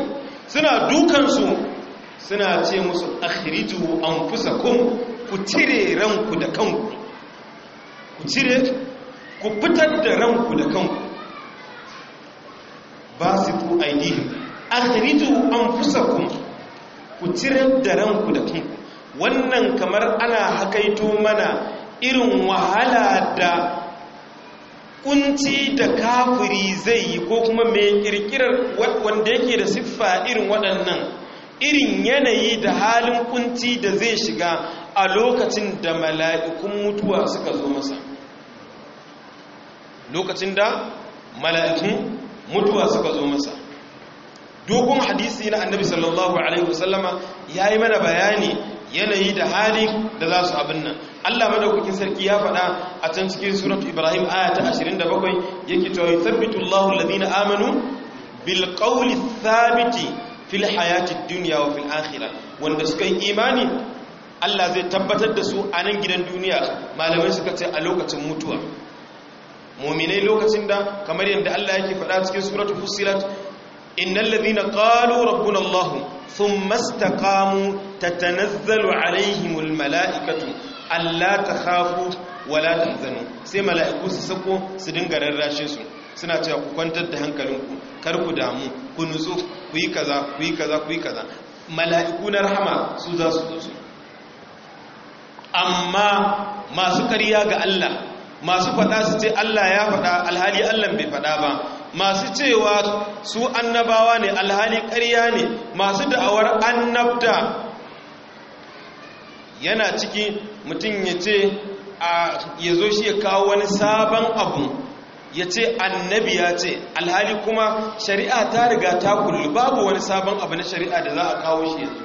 suna dukansu suna ce musu akhriju anfusakum ku cire ranku da kanku ku cire ku fitar da ranku da kanku basitu an akhriju anfusakum ku cire da ranku da kanku wannan kamar ana hakaito mana irin wahala da kunci da kafiri zai yi ko kuma mai kirkirar wanda yake da siffa irin waɗannan irin yanayi da halin kunci da zai shiga a lokacin da mala'ikun mutuwa suka zo masa lokacin da mala'ikun mutuwa suka zo masa dogon hadisi na annabi sallallahu alaihi wasallama ya yi mana bayani yanayi da hali da za su abin nan Allah madaukakin sarki ya faɗa a can cikin suratu Ibrahim aya ta 27 yake cewa yuthabbitu Allahu alladhina amanu bil qawli thabiti fil hayati dunya wa fil akhirah wanda suka yi imani Allah zai tabbatar da su a nan gidan duniya malamai suka ce a lokacin mutuwa mu'minai lokacin da kamar yadda Allah yake faɗa cikin suratul fusilat innal ladhina qalu rabbuna Allah thumma istaqamu tatanazzalu alaihimul mala'ikatu Allah ta hafu wala zanu, sai mala'iku su sako su dinga rarrashe su suna cewa ku kwantar da hankalinku kar ku damu ku nutsu ku yi kaza ku yi kaza ku yi kaza mala'iku na rahama su za su zo amma masu kariya ga Allah masu faɗa su ce Allah ya faɗa alhali Allah bai faɗa ba masu cewa su annabawa ne alhali kariya ne masu da'awar annabta yana ciki mutum ya ce ya zo shi ya kawo wani sabon abu ya ce annabi ya ce alhali kuma shari'a ta riga ta kullu babu wani sabon abu na shari'a da za a kawo shi yanzu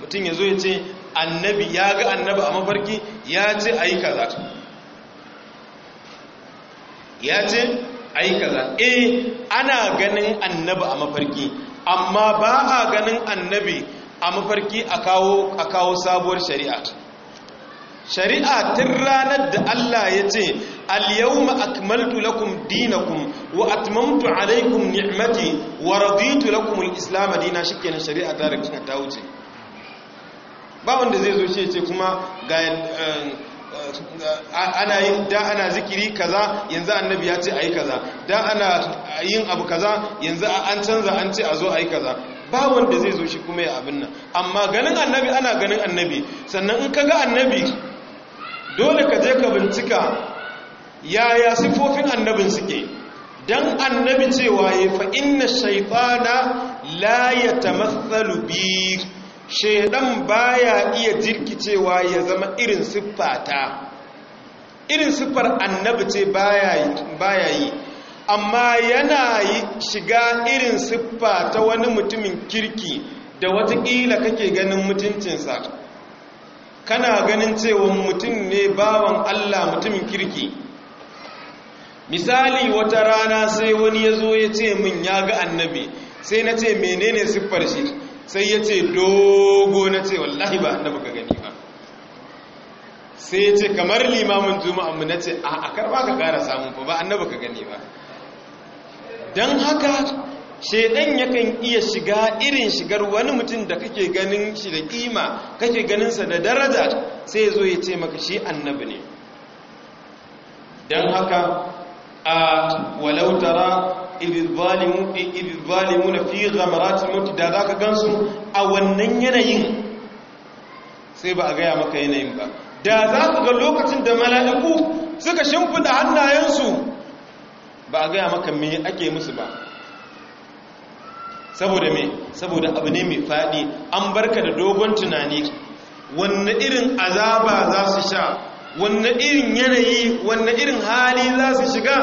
mutum ya zo ya ce annabi ya ga annabi a mafarki ya ce a yi kaza ya ce a yi kaza eh ana ganin annabi a mafarki amma ba a ganin annabi a mafarki a kawo sabuwar shari'a ta. shari'a tun ranar da Allah ya ce al yau akmaltu lakum dinakum wa atmamtu alaykum ni'mati wa raditu lakum dina shi ke na shari'a ta riga ta wuce ba wanda zai zo shi ya ce kuma ga eh, ana yin da ana zikiri kaza yanzu annabi ya ce ayi kaza da ana yin abu kaza yanzu an canza an ce a zo ayi kaza ba wanda zai zo shi kuma ya abin nan amma ganin annabi ana ganin annabi sannan in kaga annabi dole ka je ka bincika yaya sifofin annabin suke dan annabi cewa ya fa inna shaytana la yatamathalu bi shaydan baya iya jirkicewa ya zama irin siffata irin siffar annabi ce baya yi amma yana shiga irin siffa ta wani mutumin kirki da wata kila kake ganin mutuncinsa kana ganin cewa mutum ne bawan Allah mutumin kirki misali wata rana sai wani ya zo ya ce min ya ga annabi sai na ce menene siffar shi sai ya ce dogo na ce wallahi ba annabi ka gani ba sai ya ce kamar limamin juma'an mu na ce a karba ka gara samun ba annabi ka gani ba don haka shedan yakan iya shiga irin shigar wani mutum da kake ganin shi da kima kake ganin sa da daraja sai zo ya ce maka shi annabi ne dan haka a walau tara idh na fi ghamaratil maut da zaka gansu a wannan yanayin sai ba a gaya maka yanayin ba da za ku ga lokacin da mala'iku suka shimfida hannayensu ba a gaya maka me ake musu ba saboda saboda abu ne mai faɗi an barka da dogon tunani wanne irin azaba za su sha wanne irin yanayi wanne irin hali za su shiga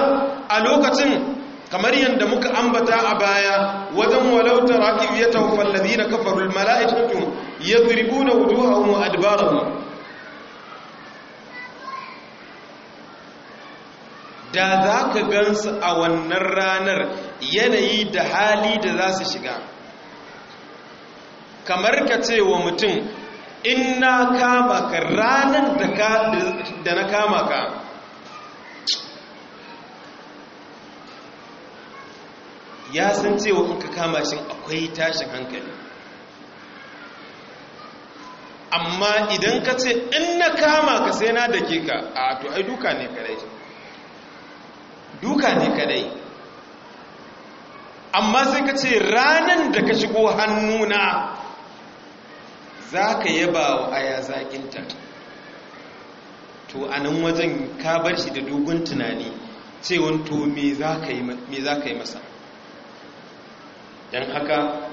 a lokacin kamar yadda muka ambata a baya wajen walauta raƙib ya taufar ladina kafarul mala'ikatu ya zirbu na wujuhahum adbara da za ka su a wannan ranar yanayi da hali da za su shiga kamar ka ce wa mutum in na kama ka ranar da na kama ka ya san cewa in ka kama shi akwai tashin hankali amma idan ka ce in na kama ka sai na dake ka a to ai duka ne kare shi duka ne kadai amma sai ka ce ranan da ka shigo hannuna za ka yaba wa aya zaƙinta to a nan wajen ka bar shi da dogon tunani cewan to me za ka yi masa don haka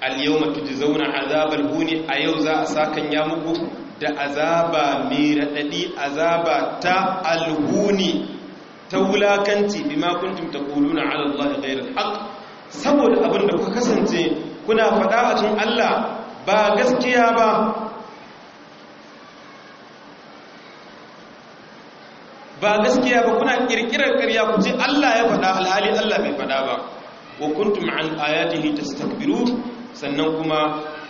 alyawma zauna azabar huni a yau za a sakan ya muku da azaba mai raɗaɗi azaba ta alhuni ta wulakanci bima kuntum taquluna ala Allah ghayra al saboda abin da kuka kasance kuna faɗa a cikin Allah ba gaskiya ba ba gaskiya ba kuna kirkirar ƙarya ku ce Allah ya faɗa alhali Allah bai faɗa ba wa kuntum an ayatihi tastakbirun sannan kuma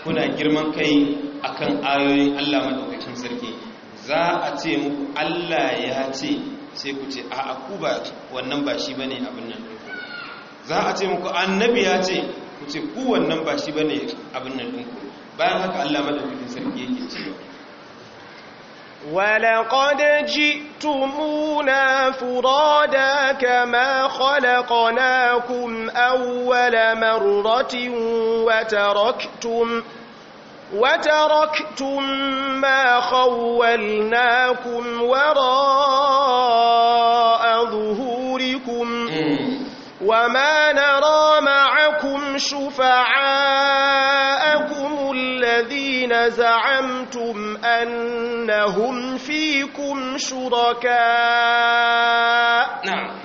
kuna girman kai akan ayoyin Allah madaukakin sarki za a ce muku Allah ya ce sai ku ce a ku ba wannan ba shi bane abin nan za a ce muku annabi ya ce ku ce ku wannan ba shi bane abin nan ɗinku bayan haka Allah madaukakin sarki yake cewa ولقد جئتمونا فرادا كما خلقناكم أول مرة وتركتم وتركتم كرهتم ما خولناكم وراء ظهوركم وما نرى معكم شفعاءكم الذين زعمتم أنهم فيكم شركاء نعم.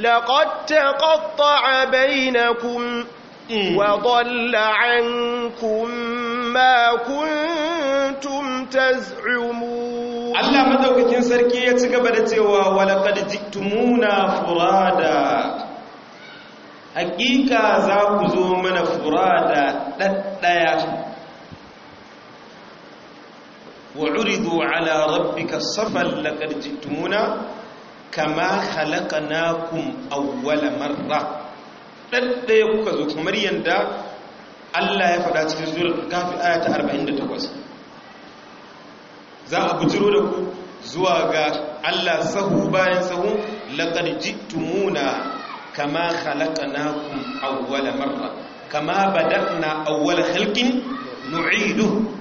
لقد تقطع بينكم إِمم. وضل عنكم ما كنتم تزعمون الله مدوكين sarki ya ci gaba da cewa walaqad jiktumuna furada hakika za ku zo mana furada daddaya wa uridu ala rabbika safal laqad jiktumuna kama khalaqnakum awwala marra daddaya kuka zo kamar yanda Allah ya faɗa cikin suratul kafi aya ta 48 za a bujiro da ku zuwa ga Allah sahu bayan sahu laqad jittumuna kama na khalaqnakum awwala marra kama bada bada'na awwala khalqin nu'iduhu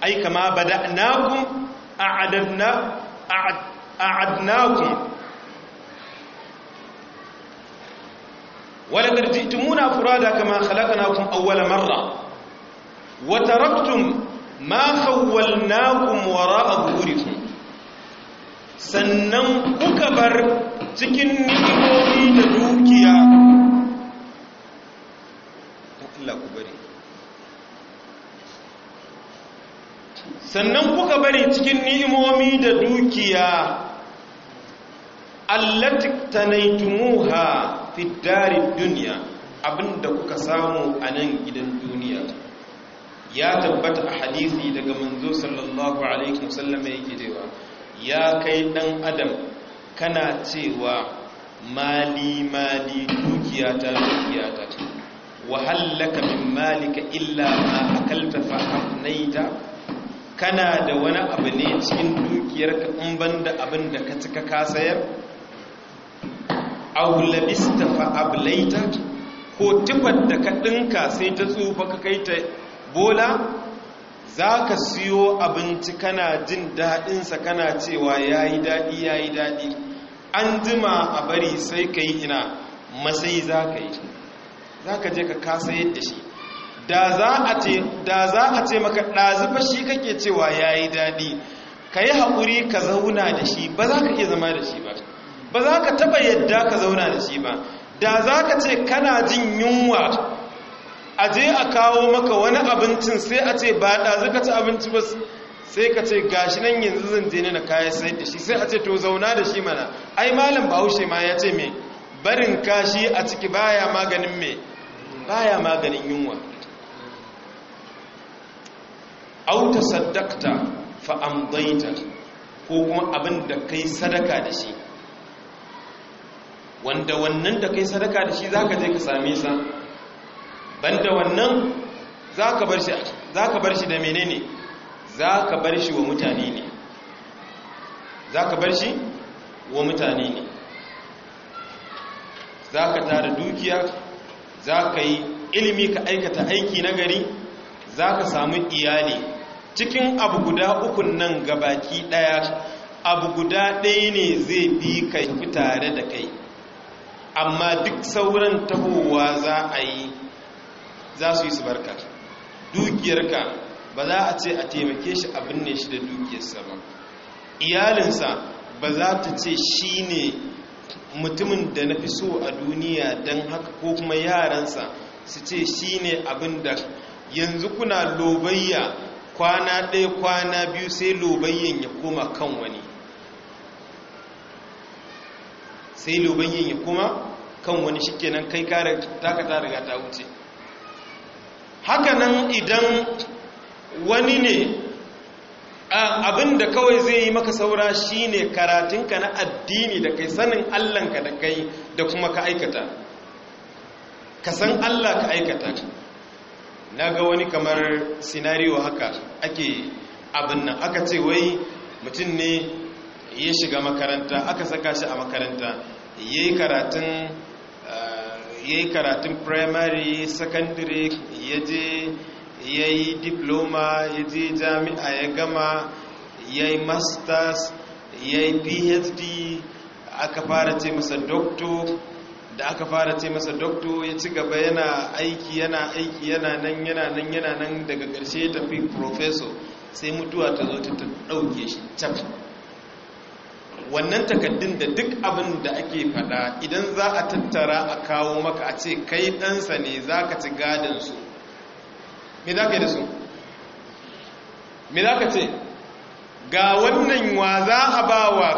ay kama bada na bada'nakum a'adna a'adnakum ولقد جئتمونا فرادا كما خلقناكم أول مرة وتركتم ما خولناكم وراء ظهوركم sannan kuka bar cikin ni'imomi da dukiya Allah ku bari sannan kuka bari cikin ni'imomi da dukiya allati tanaitumuha fiddarin duniya abinda kuka samu a nan gidan duniya ya tabbata a hadisi daga manzo sallallahu alaihi wasallam yake cewa ya kai dan adam kana cewa mali mali dukiyata dukiyata wahallaka min malika illa ma akalta fa kana da wani abu ne cikin dukiyarka in banda abin da ka cika ka sayar aulabista fa ablaita ko tufar da ka dinka sai ta tsufa ka kai ta bola za ka siyo abinci kana jin daɗinsa kana cewa ya yi daɗi ya an jima a bari sai ka yi ina masai za ka yi za ka je ka kasa yadda shi da za a ce maka ɗazufa shi kake cewa ya yi daɗi ka yi haƙuri ka zauna da shi ba za ka iya zama da shi ba ba za ka taba yadda ka zauna da shi ba da za ka ce kana jin yunwa a je a kawo maka wani abincin sai a ce ba ɗazu ka ci abinci ba sai ka ce gashi nan yanzu zan je na kayan sayar da shi sai a ce to zauna da shi mana ai malam bahaushe ma ya ce me barin kashi a ciki baya maganin me baya maganin yunwa Auta saddakta fa ko kuma abin da kai sadaka da shi wanda wannan da kai sadaka da shi za ka je ka same sa banda wannan za ka bar shi da menene za ka bar shi wa mutane ne za ka bar shi wa mutane ne za ka tara dukiya za ka yi ilimi ka aikata aiki na gari za ka samu iyali cikin abu guda uku nan gabaki daya abu guda ɗaya ne zai bi ka fi tare da kai amma duk sauran tahowa za a yi za su yi su barka dukiyarka ba za a ce a taimake shi abin ne shi da dukiyarsa ba iyalinsa ba za ta ce shi ne mutumin da na fi so a duniya don haka ko kuma yaransa su ce shi ne abin da yanzu kuna lobayya kwana ɗaya kwana biyu sai lobayyan ya koma kan wani sai lobayyan ya koma kan wani shikenan kai kare taka ta riga ta wuce hakanan idan wani ne abinda da kawai zai yi maka saura shine karatunka na addini da kai sanin allahnka da kai da kuma ka aikata ka san allah ka aikata na ga wani kamar sinariyo haka ake abin nan aka ce wai mutum ne ya shiga makaranta aka saka shi a makaranta ya yi karatun ya yi karatun primary secondary ya je ya yi diploma ya je jami'a ya gama ya yi masters ya yi phd aka fara ce masa doctor da aka fara ce masa doctor ya ci gaba yana aiki yana aiki yana nan yana nan yana nan daga karshe tafi professor sai mutuwa ta zo ta ɗauke shi wannan takaddun da duk abin da ake fada idan za a tattara a kawo maka a ce kai ɗansa ne za ka ci gadinsu me za ka yi da su me za ka ce ga wannan wa za a ba wa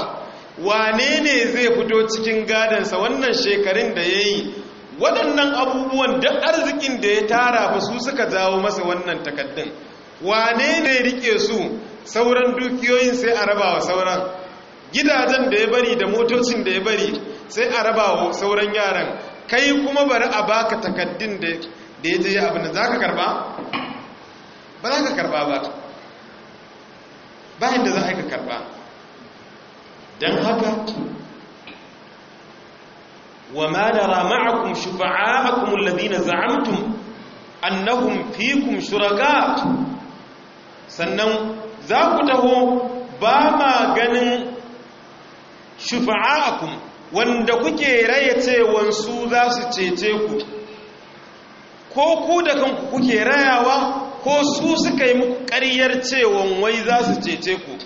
wane ne zai fito cikin gadinsa wannan shekarun da ya yi waɗannan abubuwan da arzikin da ya tara ba su suka jawo masa wannan takaddun wane ne rike su sauran dukiyoyin sai a raba wa sauran gidajen da ya bari da motocin da ya bari sai a raba wa sauran yaran kai kuma bari a baka takaddun da ya je abin da za ka karba ba za ka karba ba bayan da za ka karba don haka wa ma nara ma'akum shufa'a'akum alladhina za'amtum fi fikum shuraga sannan za ku taho ba ma ganin shufa'akum wanda kuke raya cewa su za su cece ku ko ku da kanku kuke rayawa ko su suka yi muku ƙaryar cewa wai za su cece ku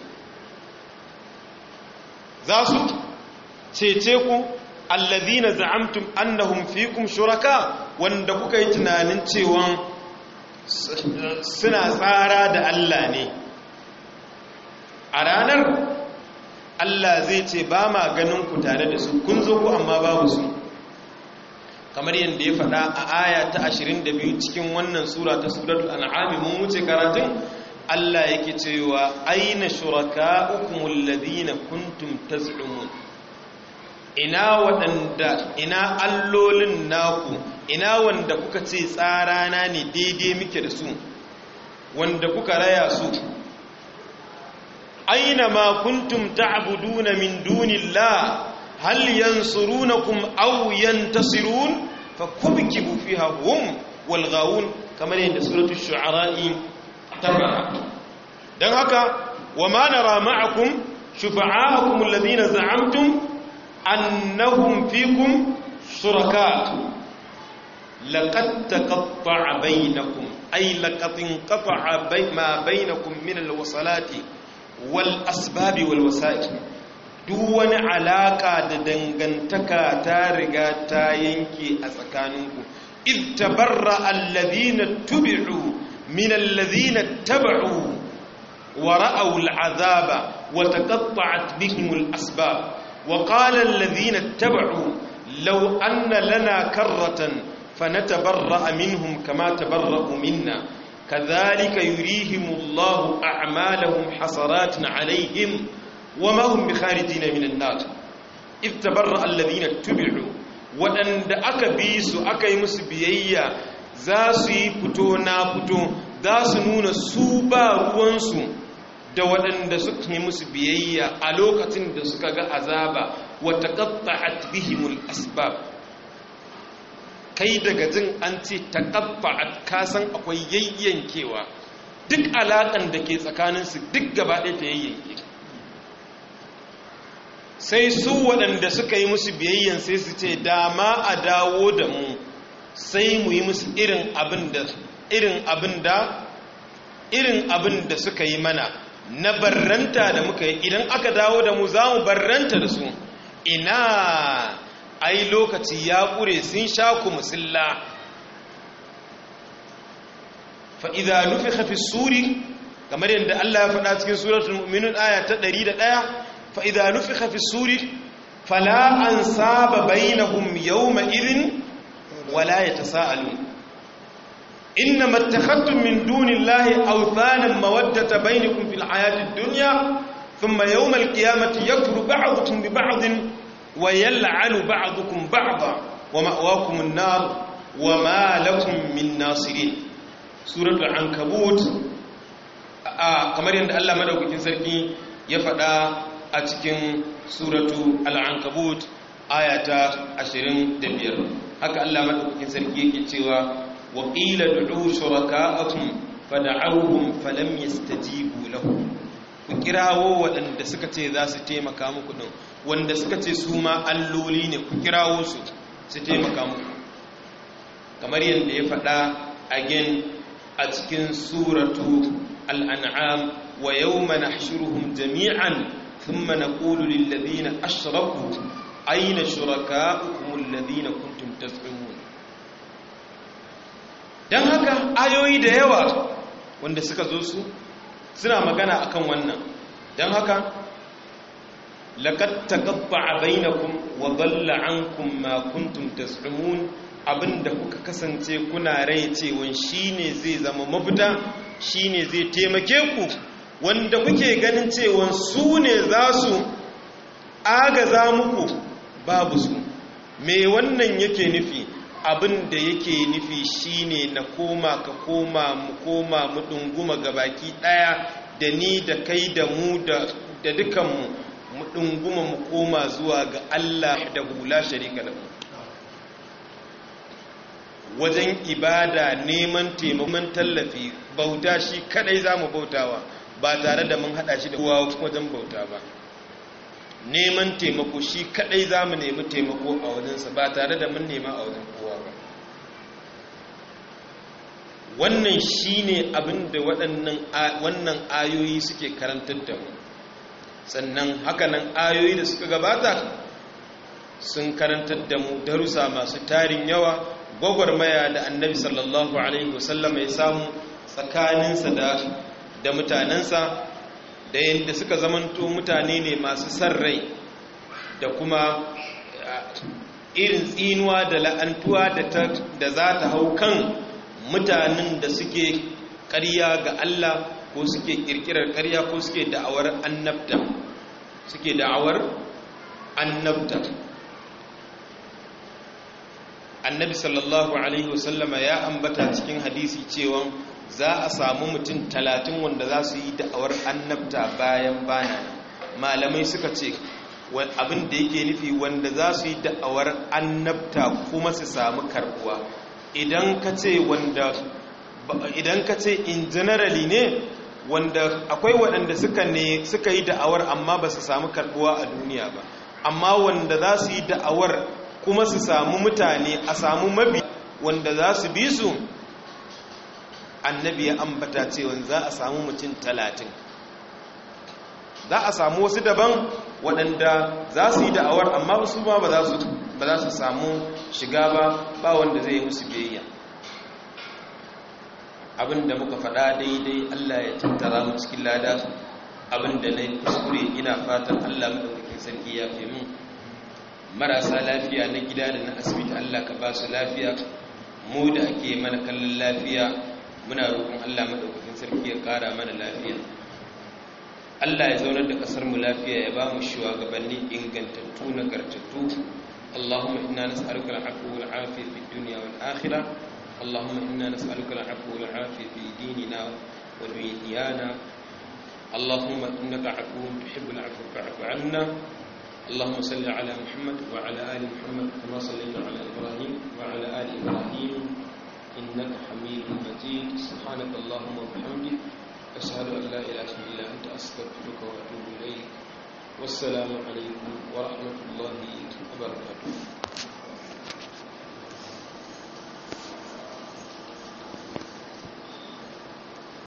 za su cece ku allazina za'amtum annahum fikum shuraka wanda kuka yi tunanin cewan suna tsara da Allah ne a ranar Allah zai ce ba ma ganin ku tare da su kun zo ku amma babu su kamar yadda ya faɗa a aya ta 22 cikin wannan sura ta suratul an'am mun wuce karatun Allah yake cewa aina shuraka'ukum alladhina kuntum taz'umun ina waɗanda ina allolin naku ina wanda kuka ce tsara na ne daidai muke da su wanda kuka raya su aina ma kuntum ta'buduna min dunillah hal yansurunakum aw yantasirun fakubkibu fiha hum wal kamar yadda suratul shu'ara ta dan haka wa ma nara ma'akum shufa'akum alladhina za'amtum annahum fikum shuraka laqad taqatta'a bainakum ay laqad inqata'a ma bainakum min alwasalati wal asbabi wal wasa'i duk wani alaka da dangantaka ta riga ta yanke a tsakaninku id tabarra alladhina tubi'u min alladhina taba'u wa ra'aw al'azaba wa taqatta'at bihim al-asbab wa qala alladhina taba'u law anna lana karratan fanatabarra minhum kama tabarra'u minna كذلك يريهم الله أعمالهم حسرات عليهم وما هم بخارجين من النار إذ تبرأ الذين اتبعوا وأن أكا بيسو أكا يمس بيئيا زاسي فتو نافتو زاس نون سوبا روانسو da waɗanda suka yi musu biyayya a lokacin da suka ga azaba wata ƙatta bihimul asbab kai daga jin an ce ƙafa a kasan akwai yayyankewa duk alaƙan da ke tsakaninsu duk gaba ɗaya ta yayyanke sai su waɗanda suka yi musu biyayyan sai su ce dama a dawo da mu sai mu yi musu irin abin da irin abin irin abin suka yi mana na barranta da muka yi idan aka dawo da mu za mu barranta da su ina ai lokaci ya ƙure sun sha ku musulla fa’iza nufi hafi suri kamar yadda Allah ya faɗa cikin suratun minun aya ta 101 fa’iza nufi hafi suri fala an saba bai na yau ma’irin wala ya ta sa’alu inna matakattun min dunin lahi autanen mawaddata bai ne kumfil ayatun duniya fin ma yau malkiyamata ya kuru ba'a hutun bi ba'a wa yal'anu ba'dukum ba'da wa ma'wakum an-nar wa ma lakum min nasirin suratul ankabut kamar yadda Allah madaukakin sarki ya faɗa a cikin suratu al-ankabut ayata 25 haka Allah madaukakin sarki yake cewa wa qila du'u shuraka'akum fad'awhum falam yastajibu lahum ku kirawo waɗanda suka ce za su taimaka muku din wanda suka ce su ma alloli ne ku kirawo su su taimaka muku kamar yadda ya faɗa again a cikin suratu al'an'am wa yau mana shiruhun jami'an sun mana lullabi na ashiraku aina shuraka hukumun lazina kuntun tasbihun don haka ayoyi da yawa wanda suka zo su suna magana akan wannan don haka laqad a bainakum wa dhalla an ma kuntum tas'umun abinda kuka kasance kuna rai cewa shine zai zama mafita shine zai taimake ku wanda kuke ganin cewa su ne za su agaza muku babu su me wannan yake nufi Abinda yake nufi shine na koma ka koma mu koma mu dunguma ga baki daya da ni da kai da mu da dukanmu mu ɗunguma mu koma zuwa ga Allah da hula sharika da wajen ibada neman taimakon tallafi bauta shi kadai za mu bautawa ba tare da mun hada shi da kowa wajen bauta ba neman taimako shi kadai za mu nemi taimako a wajensa ba tare da mun nema a wajen kowa ba wannan shi ne abinda wannan ayoyi suke karantar da mu sannan hakanan ayoyi da suka gabata sun karantar da mu darusa masu tarin yawa gwagwarmaya da annabi sallallahu alaihi wasallam ya samu tsakaninsa da mutanensa da yadda suka zamanto mutane ne masu san rai da kuma eh, irin tsinuwa da la'antuwa da za ta hau kan mutanen da suke ƙarya ga Allah ko suke kirkirar karya ko suke da'awar annabta suke da'awar annabta annabi sallallahu alaihi wasallama ya ambata cikin hadisi cewa za a samu mutum talatin wanda za su yi da'awar annabta bayan bana malamai suka ce abin da yake nufi wanda za su yi da'awar annabta kuma su samu karbuwa idan ka ce wanda idan ka ce in generally ne wanda akwai waɗanda suka ne suka yi da'awar amma ba su samu karɓuwa a duniya ba amma wanda za su yi da'awar kuma su samu mutane a samu mabi wanda za su bi su annabi ya ambata cewa za a samu mutum talatin za a samu wasu daban waɗanda za su yi da'awar amma su ba za su samu shiga ba ba wanda zai yi musu biyayya abinda muka faɗa daidai Allah ya tattara mu cikin lada abinda na kuskure ina fatan Allah madaukakin sarki ya fi marasa lafiya na gida da na asibiti Allah ka ba su lafiya mu da ake mana kallon lafiya muna roƙon Allah madaukakin sarki ya ƙara mana lafiya Allah ya zaunar da ƙasar mu lafiya ya ba mu shugabanni ingantattu nagartattu اللهم إنا نسألك العفو والعافية في الدنيا والآخرة اللهم إنا نسألك العفو والعافية في ديننا ودنيانا اللهم إنك عفو تحب العفو فاعف عنا اللهم صل على محمد وعلى آل محمد كما صليت على إبراهيم وعلى آل إبراهيم إنك حميد مجيد سبحانك اللهم وبحمدك أشهد أن لا إله إلا أنت أستغفرك وأتوب إليك والسلام عليكم ورحمة الله وبركاته